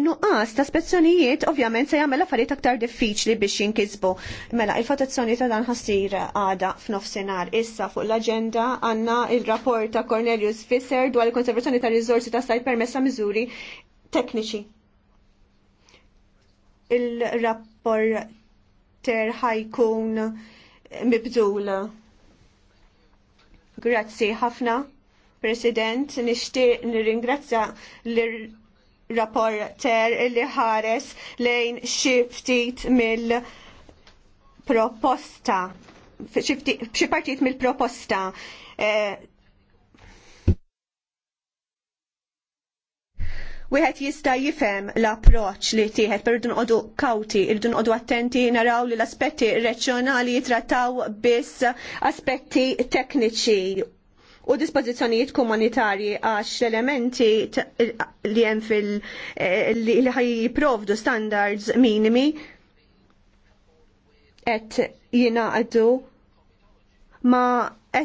Nuqqas ta' spezzjonijiet ovvjament se jagħmel affarijiet aktar diffiċli biex jinkisbu. Mela il fatazzjoni ta' dan ħassir għada f'nofsinhar issa fuq l-aġenda għandna il-rapport ta' Cornelius Fisser dwar il-konservazzjoni ta' riżorsi ta' sajt permessa miżuri tekniċi. Il-rapporter ħajkun mibdul. Grazzi ħafna, President, nixtieq nirringrazzja l rapporter li ħares lejn xi ftit mill-proposta xi partit mill-proposta eh, wieħed jista' jifhem l-approċċ li tieħed per irdu nqogħdu kawti, irdu nqogħdu attenti naraw li l-aspetti reġjonali jitrattaw biss aspetti tekniċi u dispożizzjonijiet komunitarji għax l elementi li hemm fil eh, li jiprovdu standards minimi qed jingħaqdu ma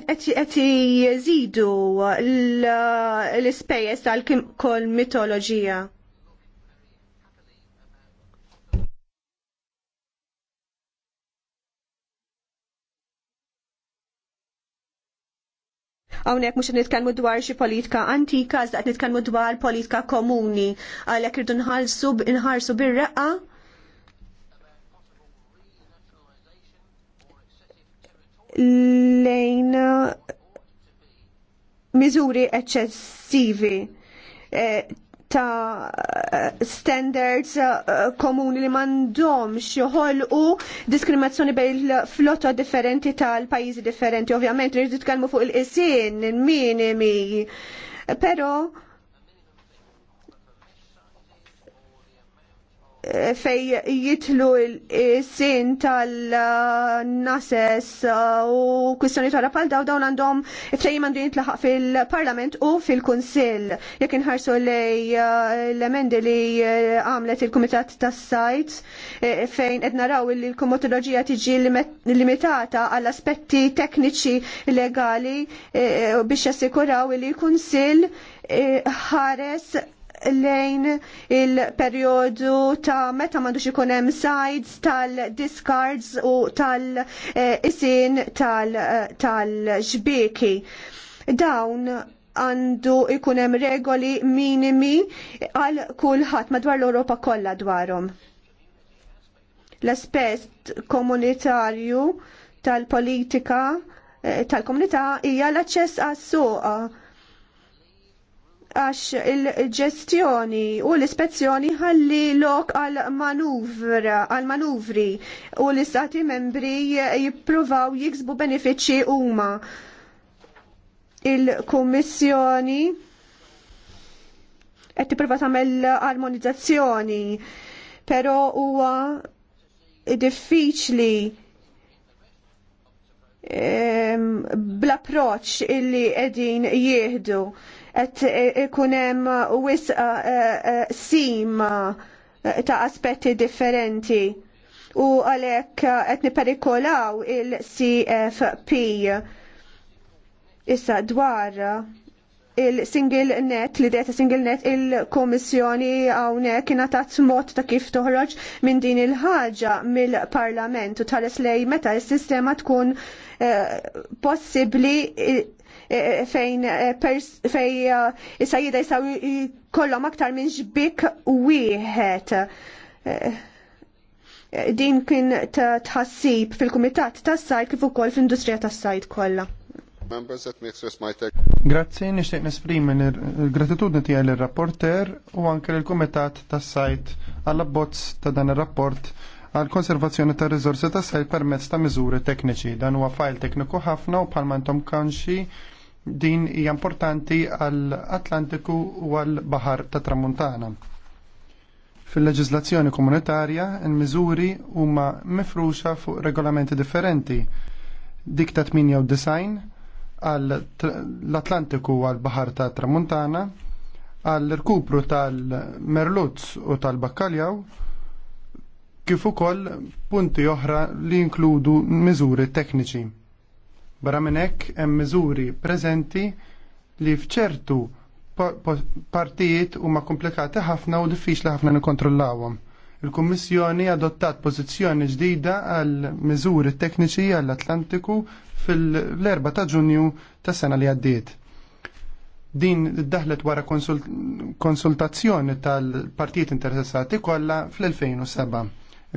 qed jeżidu l-ispejjeż tal-kol mitoloġija. Hawnhekk mhux nitkellmu dwar xi politika antika, iżda qed nitkellmu dwar politika komuni għalhekk rridu nħallsu nħarsu bir-reqqa lejn uh, miżuri eċċessivi. Eh, ta' standards eh, komuni li xoħol joħolqu diskriminazzjoni bejn flotta differenti tal-pajjiżi differenti. Ovvjament li rridu tkellmu fuq il-qisien, il-minimi. Pero, fej jitlu il-sin tal-nases uh, u kwistjoni tal pal daw dawn għandhom ftejim għandu jitlaħaq fil-parlament u fil-kunsil. Jek nħarsu lej uh, l-emendi li uh, għamlet il-komitat tas sajt fejn edna raw li l-komitologija tiġi limitata għall aspetti tekniċi legali biex jassikuraw li l-kunsil ħares lejn il-perjodu ta' meta m'għandux ikun hemm sides tal-discards u tal-isin tal-ġbieki. Dawn għandu ikun hemm regoli minimi għal kulħadd madwar l-Ewropa kollha dwarhom. L-aspett komunitarju tal-politika eh, tal-komunità hija l-aċċess għas-suq għax il-ġestjoni u l-ispezzjoni ħalli lok għal manuvra għal manuvri u l-istati membri jippruvaw jiksbu benefiċċji huma. Il-Kummissjoni qed tipprova tagħmel armonizzazzjoni, però huwa diffiċli ehm, bl-approċċ illi qegħdin jieħdu et e, e, ikunem wis e, sim ta' aspetti differenti u għalek qed niperikolaw il-CFP. Issa dwar il-single net, li deta single net il-komissjoni għawnek kienet mod ta' kif toħroġ minn din il-ħaġa mill-parlament u tħares lej meta il-sistema tkun possibli Eh, eh, fejn fej sajjida jisaw kollom aktar minn u wieħed. Eh, din kien tħassib fil-kumitat tas-sajt kif ukoll fl-industrija tas-sajt kollha. Grazzi, nixtieq nesprimi l-gratitudni tiegħi lir-rapporter u anke l-kumitat tas-sajt għall-abbozz ta' dan ir-rapport għal konservazzjoni ta' rizorsi tas sajt permezz ta' miżuri tekniċi. Dan huwa fajl tekniku ħafna u bħalma intom kanxi Din hija importanti għall-Atlantiku u għall-Bahar ta' Tramuntana. Fil-leġiżlazzjoni komunitarja, il-miżuri huma mifruxa fuq regolamenti differenti. Dik ta' 98 għall-Atlantiku u għall-Bahar ta' Tramuntana, għall-rkupru tal-Merluz u tal-Bakkaljaw, kif ukoll punti oħra li jinkludu miżuri tekniċi. Barra minn hekk hemm miżuri prezenti li fċertu partijiet huma komplikati ħafna u diffiċli ħafna nikkontrollawhom. Il-Kummissjoni adottat pożizzjoni ġdida għal miżuri tekniċi għall-Atlantiku fil-4 ta' Ġunju ta' sena li għaddiet. Din daħlet wara konsultazzjoni tal-partijiet interessati kollha fl-2007.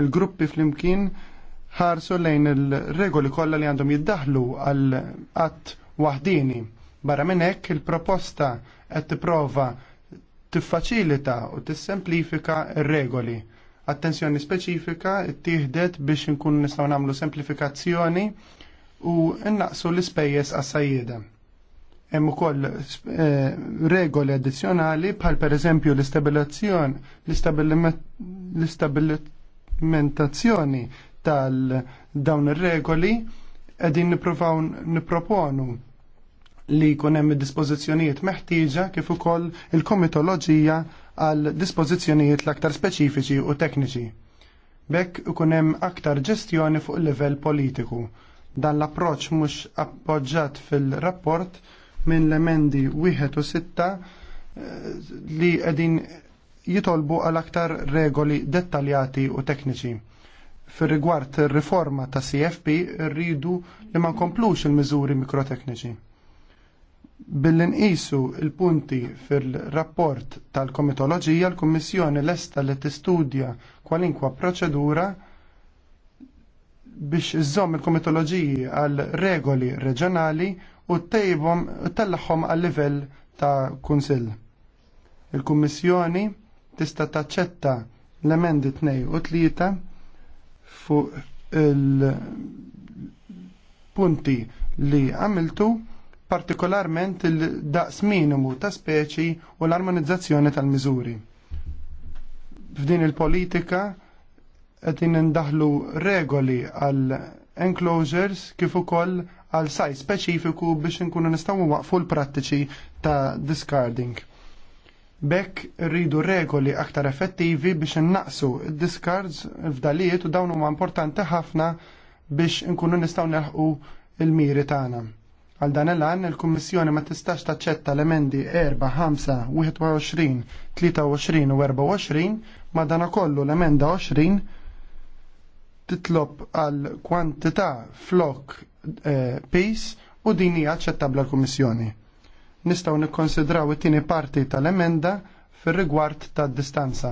Il-gruppi flimkien ħarsu lejn il-regoli kollha li għandhom jiddaħlu għal qatt waħdini. Barra minn hekk il-proposta qed tipprova tiffaċilita u tissemplifika r-regoli. Attenzjoni speċifika ttieħdet biex inkun nistgħu nagħmlu semplifikazzjoni u innaqsu l-ispejjeż għas-sajjieda. Hemm ukoll eh, regoli addizzjonali bħal pereżempju l-istabilazzjoni l-istabilmentazzjoni tal-dawn ir-regoli qegħdin nippruvaw nipproponu li jkun hemm dispożizzjonijiet meħtieġa kif ukoll il-komitoloġija għal dispożizzjonijiet l-aktar speċifiċi u tekniċi. Bekk ikun hemm aktar ġestjoni fuq il-livell politiku. Dan l-approċċ mhux appoġġat fil-rapport minn l-emendi wieħed u sitta eh, li qegħdin jitolbu għal aktar regoli dettaljati u tekniċi fir rigward ir-riforma ta' CFP rridu li ma nkomplux il-miżuri mikrotekniċi. Bill-inqisu il-punti fil-rapport tal-komitoloġija l-Kummissjoni lesta li tistudja kwalinkwa proċedura biex iżomm il-komitoloġiji għal regoli reġjonali u tejbom tellaħħom għal livell ta' kunsill. Il-Kummissjoni tista' taċċetta l-emendi 2 u 3 fuq il-punti li għamiltu partikolarment il-daqs minimu ta' speċi u l-armonizzazzjoni tal-miżuri. F'din il-politika qed indaħlu regoli għal enclosures kif ukoll għal saj speċifiku biex inkunu nistgħu waqfu l-prattiċi ta' discarding. Bekk rridu regoli aktar effettivi biex innaqsu discards f'dalijiet u dawn huma importanti ħafna biex nkunu nistgħu nelħqu il-miri tagħna. Għal dan il-għan il-Kummissjoni ma tistax taċċetta l-emendi 4, 5, 21, 23 u 24 ma dan kollu l-emenda 20 titlob għal kwantita flok eh, u din hija aċċettabbla l-Kummissjoni nistaw nikkonsidraw it-tieni parti tal-emenda fir-rigward tad-distanza.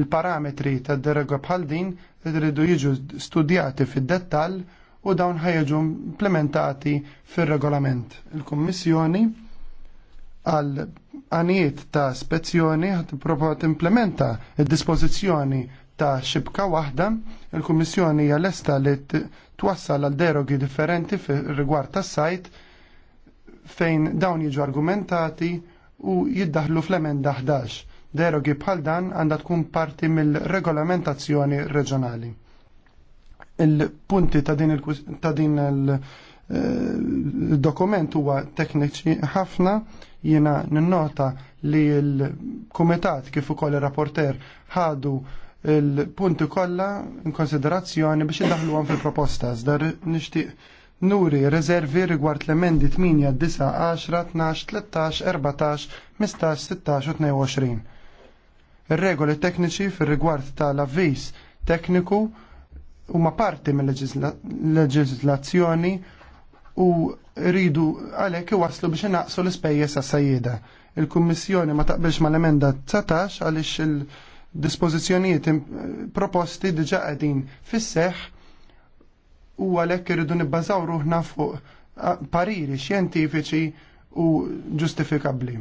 Il-parametri tad-deroga bħal din irridu jiġu studjati fid-dettall u dawn ħajġu implementati fir-regolament. Il-Kummissjoni għal għanijiet ta' spezzjoni propot implementa il-dispozizjoni ta' xibka waħda, il-Kummissjoni hija lesta li twassal għal derogi differenti rigward tas-sajt fejn dawn jiġu argumentati u jiddaħlu fl-emenda 11. Derogi bħal dan għandha tkun parti mill-regolamentazzjoni reġjonali. Il-punti ta' din il-dokument eh, huwa tekniċi ħafna jiena ninnota li l-kumitat kif ukoll ir-rapporter ħadu il-punti kollha in konsiderazzjoni biex jiddaħluhom fil-proposta. Zdar nixtieq nuri rezervi rigward l-emendi 8, 9, 10, 13, 14, 15, 16 u 22. Ir-regoli tekniċi fir rigward tal-avviż tekniku huma parti mill-leġiżlazzjoni u rridu għalhekk waslu biex naqsu l-ispejjeż għas Il-Kummissjoni ma taqbilx mal-emenda 19 għaliex il-dispożizzjonijiet proposti diġa qegħdin fis-seħħ u għalhekk irridu nibbazaw ruħna fuq pariri xjentifiċi u ġustifikabbli.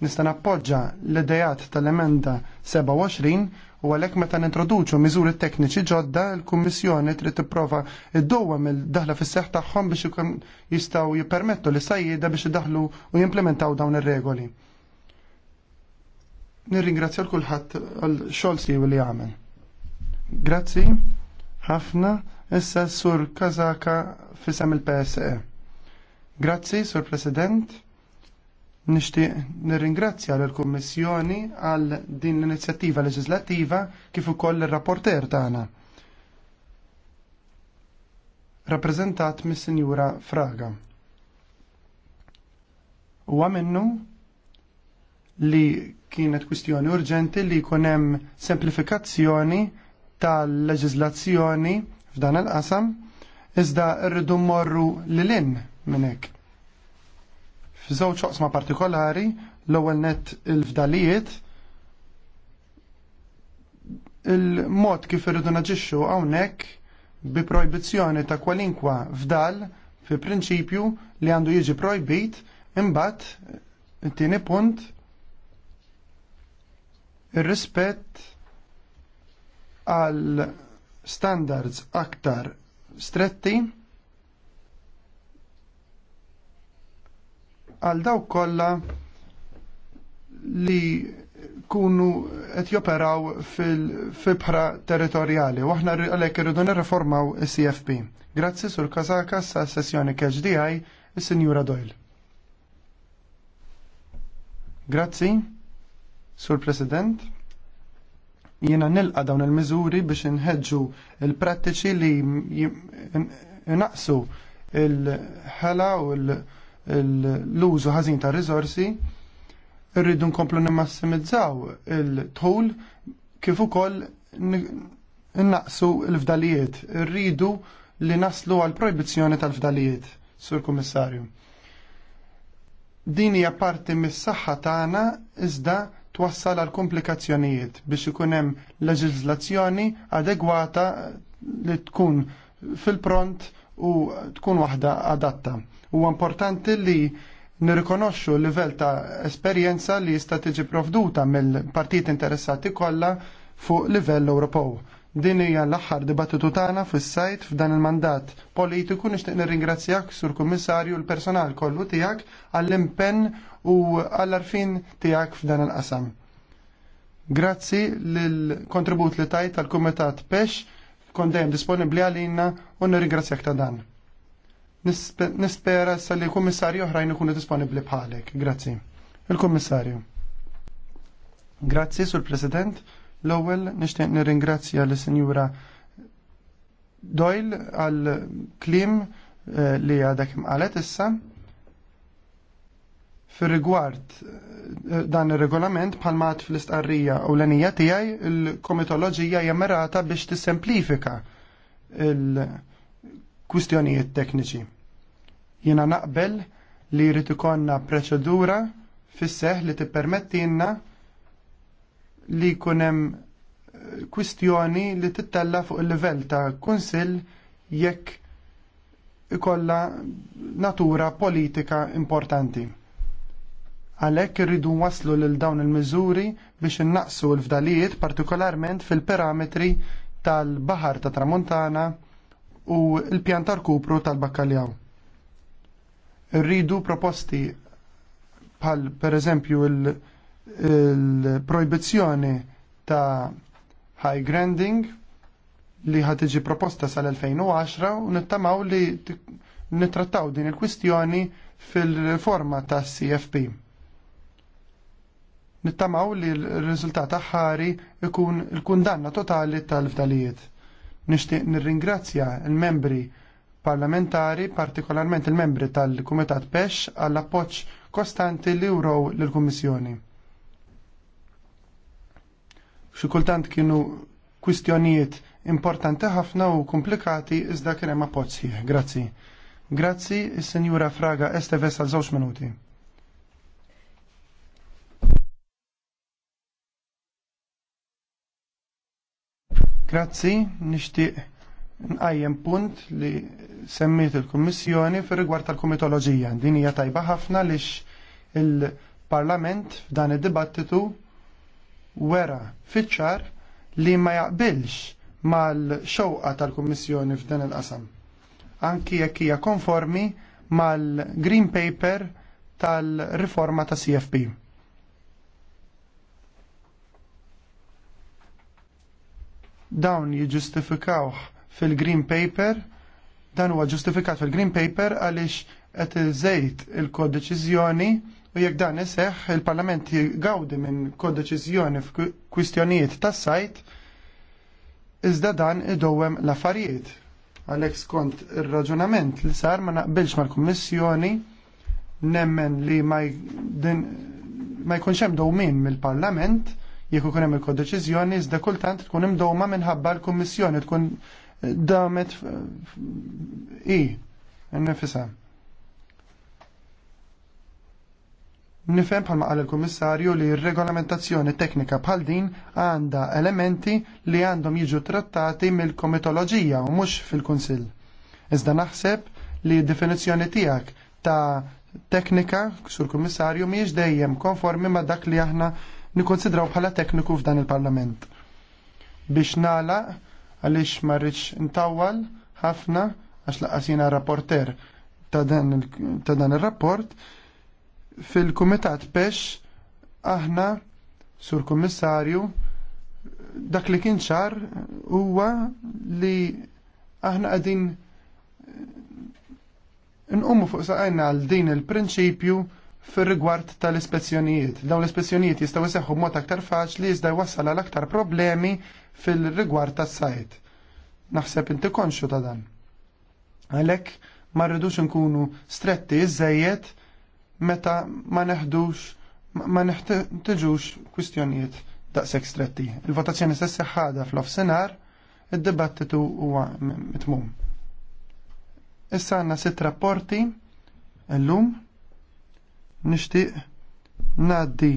Nista' nappoġġa l-idejat tal-emenda 27 u għalhekk meta nintroduċu miżuri tekniċi ġodda l-Kummissjoni trid tipprova ddowa mill-daħla fis-seħħ tagħhom biex ikun jistgħu jippermettu li sajjieda biex idaħlu u jimplementaw dawn ir-regoli. Nirringrazzja l kulħadd għal xogħol li għamel. Grazzi ħafna Issa sur Kazaka fisem il-PSE. Grazzi, sur President. Nixtieq nirringrazzja l kummissjoni għal din l-inizjattiva leġislattiva kif ukoll ir-rapporter tagħna. Rappresentat mis-Sinjura Fraga. Huwa minnu li kienet kwistjoni urġenti li jkun hemm semplifikazzjoni tal-leġiżlazzjoni f'dan il-qasam, iżda rridu mmorru l in minn hekk. F'żewġ oqsma partikolari, l-ewwel net il-fdalijiet, il-mod kif irridu naġixxu hawnhekk bi projbizzjoni ta' kwalinkwa fdal fi prinċipju li għandu jiġi projbit imbagħad it-tieni punt ir-rispett għal standards aktar stretti għal dawk kollha li kunu qed joperaw fil-bħra territorjali u għalek għalhekk irridu nirreformaw is-CFP. Grazzi sur Kazaka sa sessjoni KHDI is-Sinjura Doyle. Grazzi, sur President. Jiena nilqa dawn il-miżuri biex inħeġġu il-prattiċi li naqsu il-ħela u l-użu ħażin ta' riżorsi. Irridu nkomplu nimmassimizzaw il-tħul kif ukoll naqsu l-fdalijiet. Irridu li naslu għal proibizzjoni tal-fdalijiet, Sur Kummissarju. Din hija parti mis-saħħa tagħna iżda twassal għal komplikazzjonijiet biex ikun hemm leġiżlazzjoni adegwata li tkun fil-pront u tkun waħda adatta. Huwa importanti li nirrikonoxxu l-livell ta' esperjenza li jista' tiġi provduta mill-partit interessati kollha fuq livell Ewropew Din hija l-aħħar dibattitu tagħna fis-sajt f'dan il-mandat politiku nixtieq nirringrazzjak sur kummissarju l-personal kollu tiegħek għall-impenn u għall-arfin tiegħek f'dan il-qasam. Grazzi lill-kontribut li tajt tal-Kumitat Pesh kont dejjem disponibbli għalina u nirringrazzjak ta' dan. Nispera sa li kummissarju oħrajn ikunu disponibbli bħalek. Grazzi. Il-Kummissarju. Grazzi sur President. L-ewwel nixtieq nirringrazzja l sinjura Doyle għal klim eh, li għadha kemm qalet issa. Fir-rigward eh, dan ir-regolament bħal għad fl-istqarrija u l-enija tiegħi il-komitoloġija hija merata biex tissemplifika il-kwistjonijiet tekniċi. Jiena naqbel li jrid ikollna proċedura fis-seħ li tippermettilna li kunem eh, kwistjoni li tittella fuq il-livell ta' kunsill jekk ikolla natura politika importanti. Għalhekk irridu waslu lil dawn il-miżuri biex innaqsu l-fdalijiet partikolarment fil-parametri tal-Bahar ta' Tramontana u l-pjan tal-kupru tal-Bakkaljaw. Irridu proposti bħal per eżempju il- il-projbizzjoni ta' high granding li ħad tiġi proposta sal-2010 u nittamaw li nittrattaw din il-kwistjoni fil-reforma ta' CFP. Nittamaw li l-riżultat ħari ikun il-kundanna totali tal-ftalijiet. Nishtiq nirringrazzja il-membri parlamentari, partikolarment il-membri tal-Kumitat Pesh, għall-appoċ kostanti li uraw l-Kummissjoni. Xikultant kienu kwistjonijiet importanti ħafna u komplikati iżda kien hemm appoġġ Grazzi. Grazzi, is-Sinjura Fraga Esteves għal żewġ minuti. Grazzi, nixtieq nqajjem punt li semmiet il-Kummissjoni fir rigward tal-komitoloġija. Din hija tajba ħafna lix il-Parlament f'dan id-dibattitu wera fitxar li ma jaqbilx mal-xewqa tal-Kummissjoni f'dan il-qasam. Anki jekk hija konformi mal-Green Paper tal-riforma ta' CFP. Dawn jiġustifikawh fil-Green Paper, dan huwa ġustifikat fil-Green Paper għaliex qed iżejt il kodeċizjoni u jekk dan iseħħ il-Parlament jgawdi minn kodeċiżjoni f'kwistjonijiet tas-sajt iżda dan idowem l-affarijiet. Għalhekk skont ir-raġunament li sar ma naqbilx mal-Kummissjoni nemmen li ma jkunx hemm dowmin mill-Parlament jekk ikun hemm il kodeċizjoni iżda kultant tkun imdowma minħabba l-Kummissjoni tkun damet i nifisha. Nifhem bħalma qal il-Kummissarju li r-regolamentazzjoni teknika bħal din għandha elementi li għandhom jiġu trattati mill-komitoloġija u mhux fil-Kunsill. Iżda naħseb li d-definizzjoni tiegħek ta' teknika sur Kummissarju mhijiex dejjem konformi ma' dak li aħna nikonsidraw bħala tekniku f'dan il-Parlament. Biex nala, għaliex ma rridx ħafna għax laqqasina rapporter ta' dan ir rapport Fil-Kumitat Pesh aħna sur Kummissarju dak li kien ċar huwa li aħna qegħdin nqumu fuq saqajna għal din il-prinċipju fir-rigward tal-ispezzjonijiet. Dawn l-ispezzjonijiet jistgħu jseħħu mod aktar faċli iżda jwassal għal aktar problemi fil-rigward tas-sajt. Naħseb inti konxu ta' dan. Għalhekk ma rridux nkunu stretti iżejjed meta ma neħdux ma neħtiġux kwistjonijiet daqshekk stretti. Il-votazzjoni se ħada fl senar id-dibattitu huwa mitmum. Issa għandna sitt rapporti llum nixtieq ngħaddi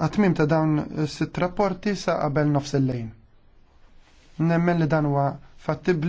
għatmim ta' dawn sitt rapporti sa' qabel nofs il-lejn. Nemmen li dan huwa fattibli